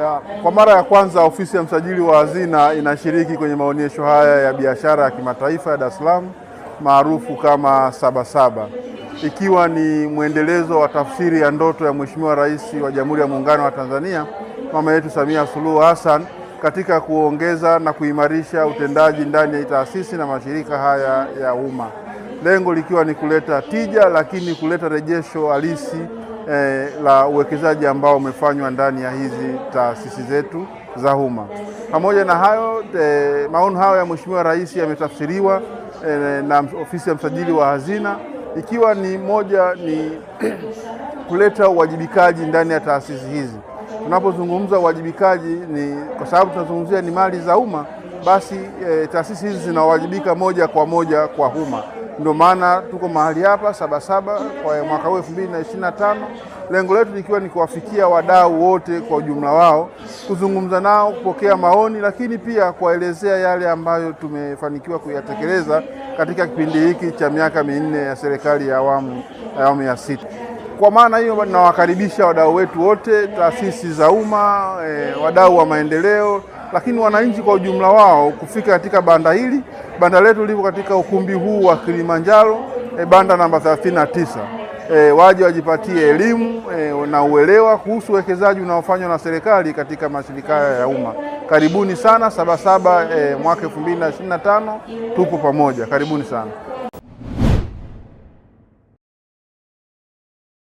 Ya, kwa mara ya kwanza ofisi ya msajili wa hazina inashiriki kwenye maonyesho haya ya biashara ya kimataifa ya Dar es Salaam maarufu kama Sabasaba, ikiwa ni mwendelezo wa tafsiri ya ndoto ya Mheshimiwa Rais wa Jamhuri ya Muungano wa Tanzania mama yetu Samia Suluhu Hassan katika kuongeza na kuimarisha utendaji ndani ya taasisi na mashirika haya ya umma, lengo likiwa ni kuleta tija, lakini kuleta rejesho halisi eh, la uwekezaji ambao umefanywa ndani ya hizi taasisi zetu za umma. Pamoja na hayo e, maono hayo ya Mheshimiwa Rais yametafsiriwa e, na ofisi ya msajili wa hazina ikiwa ni moja ni kuleta uwajibikaji ndani ya taasisi hizi. Tunapozungumza uwajibikaji ni kwa sababu tunazungumzia ni mali za umma, basi e, taasisi hizi zinawajibika moja kwa moja kwa umma. Ndio maana tuko mahali hapa Sabasaba kwa mwaka huu 2025, lengo letu likiwa ni kuwafikia wadau wote kwa ujumla wao, kuzungumza nao, kupokea maoni, lakini pia kuwaelezea yale ambayo tumefanikiwa kuyatekeleza katika kipindi hiki cha miaka minne ya serikali ya awamu awamu ya sita. Kwa maana hiyo, nawakaribisha wadau wetu wote, taasisi za umma, e, wadau wa maendeleo lakini wananchi kwa ujumla wao kufika katika banda hili. Banda letu lipo katika ukumbi huu wa Kilimanjaro, e, banda namba 39. E, eh, waje wajipatie elimu e, na uelewa kuhusu uwekezaji unaofanywa na serikali katika mashirika haya ya umma. Karibuni sana Sabasaba, e, mwaka 2025 tupo pamoja. Karibuni sana.